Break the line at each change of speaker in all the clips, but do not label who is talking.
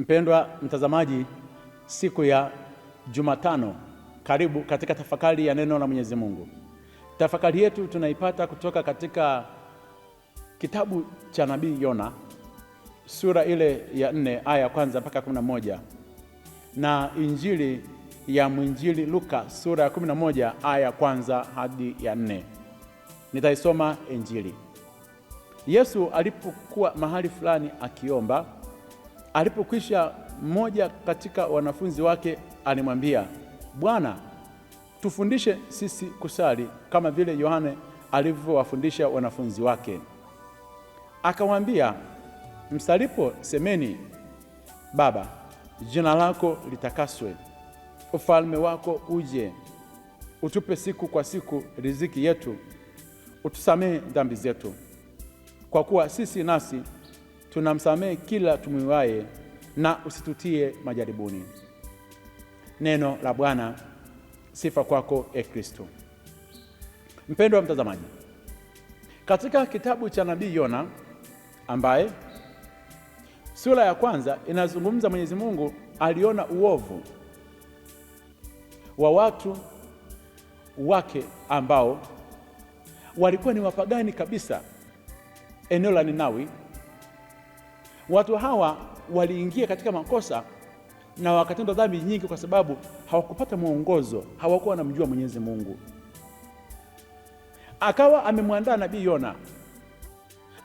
Mpendwa mtazamaji, siku ya Jumatano, karibu katika tafakari ya neno la Mwenyezi Mungu. Tafakari yetu tunaipata kutoka katika kitabu cha nabii Yona sura ile ya nne aya ya kwanza mpaka kumi na moja na injili ya mwinjili Luka sura ya kumi na moja aya ya kwanza hadi ya nne. Nitaisoma Injili. Yesu alipokuwa mahali fulani akiomba Alipokwisha, mmoja katika wanafunzi wake alimwambia, Bwana, tufundishe sisi kusali kama vile Yohane alivyowafundisha wanafunzi wake. Akamwambia, msalipo semeni, Baba, jina lako litakaswe, ufalme wako uje, utupe siku kwa siku riziki yetu, utusamehe dhambi zetu, kwa kuwa sisi nasi tunamsamehe kila tumwiwaye, na usitutie majaribuni. Neno la Bwana. Sifa kwako e Kristo. Mpendwa mtazamaji, katika kitabu cha nabii Yona ambaye sura ya kwanza inazungumza, Mwenyezi Mungu aliona uovu wa watu wake ambao walikuwa ni wapagani kabisa, eneo la Ninawi Watu hawa waliingia katika makosa na wakatenda dhambi nyingi, kwa sababu hawakupata mwongozo, hawakuwa wanamjua Mwenyezi Mungu. Akawa amemwandaa nabii Yona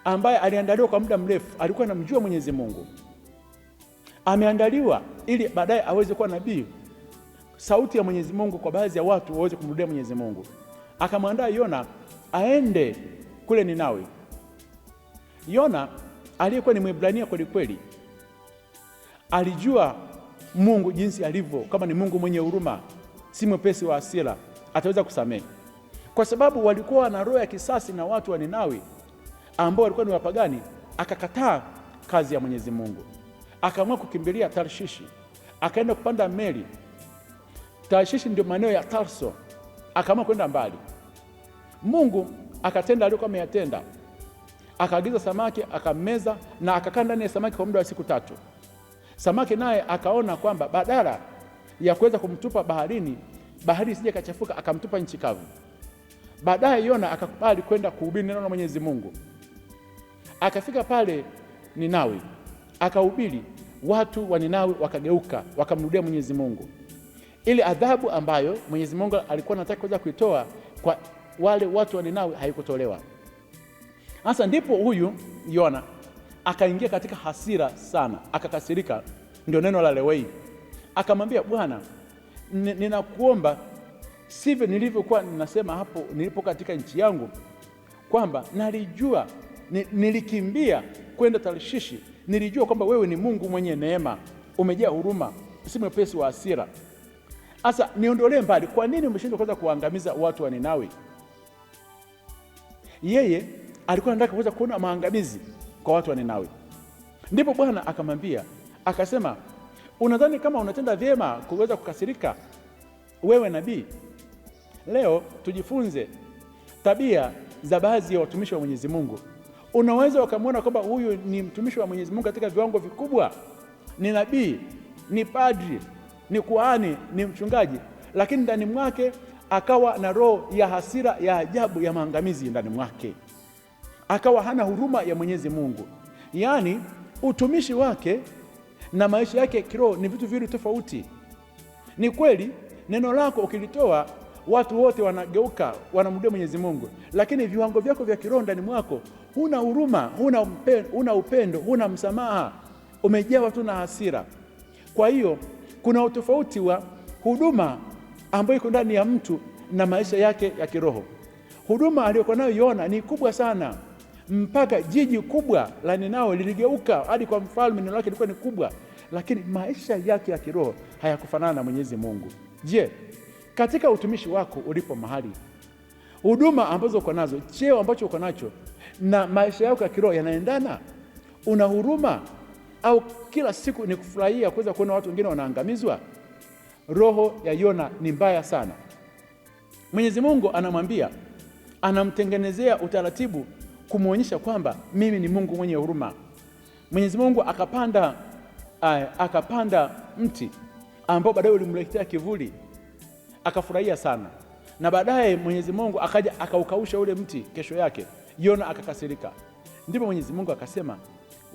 ambaye aliandaliwa kwa muda mrefu, alikuwa anamjua Mwenyezi Mungu, ameandaliwa ili baadaye aweze kuwa nabii, sauti ya Mwenyezi Mungu kwa baadhi ya watu waweze kumrudia Mwenyezi Mungu. Akamwandaa Yona aende kule Ninawi. Yona aliyekuwa ni Mwebrania kweli kweli alijua Mungu jinsi alivyo, kama ni Mungu mwenye huruma, si mwepesi wa hasira, ataweza kusamehe, kwa sababu walikuwa na roho ya kisasi na watu wa Ninawi ambao walikuwa ni wapagani. Akakataa kazi ya Mwenyezi Mungu, akaamua kukimbilia Tarshishi, akaenda kupanda meli. Tarshishi ndio maeneo ya Tarso, akaamua kwenda mbali. Mungu akatenda aliyokuwa ameyatenda akaagiza samaki akameza na akakaa ndani ya samaki kwa muda wa siku tatu. Samaki naye akaona kwamba badala ya kuweza kumtupa baharini, bahari sije kachafuka, akamtupa nchi kavu. Baadaye Yona akakubali kwenda kuhubiri neno la Mwenyezi Mungu. Akafika pale Ninawi, akahubiri, watu wa Ninawi wakageuka, wakamrudia Mwenyezi Mungu. Ile adhabu ambayo Mwenyezi Mungu alikuwa anataka kuweza kuitoa kwa wale watu wa Ninawi haikutolewa. Sasa ndipo huyu Yona akaingia katika hasira sana, akakasirika. Ndio neno la lewei, akamwambia Bwana, ninakuomba sivyo nilivyokuwa ninasema hapo nilipo katika nchi yangu, kwamba nalijua nilikimbia kwenda Tarshishi, nilijua kwamba wewe ni Mungu mwenye neema, umejaa huruma, si mwepesi wa hasira. Sasa niondolee mbali. Kwa nini umeshindwa kwanza kuwaangamiza watu wa Ninawi? Yeye alikuwa anataka kuweza kuona maangamizi kwa watu wa Ninawi. Ndipo Bwana akamwambia akasema, unadhani kama unatenda vyema kuweza kukasirika wewe nabii? Leo tujifunze tabia za baadhi ya watumishi wa Mwenyezi Mungu. Unaweza ukamwona kwamba huyu ni mtumishi wa Mwenyezi Mungu katika viwango vikubwa, ni nabii, ni padri, ni kuhani, ni mchungaji, lakini ndani mwake akawa na roho ya hasira ya ajabu ya maangamizi ndani mwake akawa hana huruma ya Mwenyezi Mungu. Yaani utumishi wake na maisha yake kiroho ni vitu viwili tofauti. Ni kweli neno lako ukilitoa watu wote wanageuka, wanamrudia Mwenyezi Mungu, lakini viwango vyako vya kiroho ndani mwako, huna huruma, huna, huna upendo, huna msamaha, umejawa tu na hasira. Kwa hiyo kuna utofauti wa huduma ambayo iko ndani ya mtu na maisha yake ya kiroho. Huduma aliyokuwa nayo Yona ni kubwa sana, mpaka jiji kubwa la Ninawi liligeuka hadi kwa mfalme, neno lake lilikuwa ni kubwa, lakini maisha yake ya kiroho hayakufanana na Mwenyezi Mungu. Je, katika utumishi wako ulipo mahali, huduma ambazo uko nazo, cheo ambacho uko nacho na maisha yako ya kiroho yanaendana? Una huruma au kila siku ni kufurahia kuweza kuona watu wengine wanaangamizwa? Roho ya Yona ni mbaya sana. Mwenyezi Mungu anamwambia, anamtengenezea utaratibu kumwonyesha kwamba mimi ni Mungu mwenye huruma. Mwenyezi Mungu akapanda, eh, akapanda mti ambao baadaye ulimletea kivuli, akafurahia sana, na baadaye Mwenyezi Mungu akaja akaukausha ule mti. Kesho yake Yona akakasirika. Ndipo Mwenyezi Mungu akasema,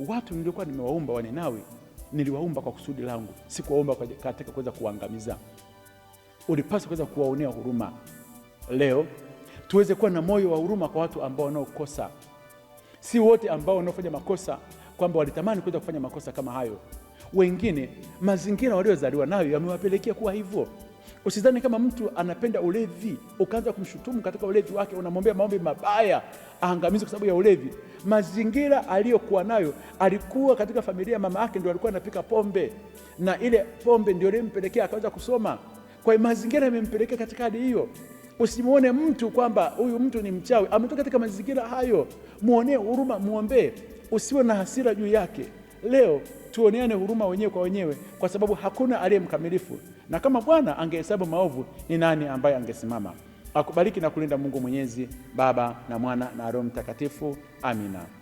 watu nilikuwa nimewaumba Ninawi niliwaumba kwa kusudi langu, sikuwaumba katika kuweza kuangamiza. Ulipaswa kuweza kuwaonea huruma. Leo tuweze kuwa na moyo wa huruma kwa watu ambao wanaokosa Si wote ambao wanaofanya makosa kwamba walitamani kuweza kufanya makosa kama hayo. Wengine mazingira waliozaliwa nayo yamewapelekea kuwa hivyo. Usidhani kama mtu anapenda ulevi ukaanza kumshutumu katika ulevi wake, unamwombea maombi mabaya aangamizi kwa sababu ya ulevi. Mazingira aliyokuwa nayo, alikuwa katika familia, mama yake ndio alikuwa anapika pombe, na ile pombe ndio ilimpelekea akaweza kusoma. Kwa hiyo mazingira yamempelekea katika hali hiyo. Usimwone mtu kwamba huyu mtu ni mchawi, ametoka katika mazingira hayo. Mwonee huruma, mwombee, usiwe na hasira juu yake. Leo tuoneane huruma wenyewe kwa wenyewe, kwa sababu hakuna aliye mkamilifu, na kama Bwana angehesabu maovu, ni nani ambaye angesimama? Akubariki na kulinda Mungu Mwenyezi, Baba na Mwana na Roho Mtakatifu. Amina.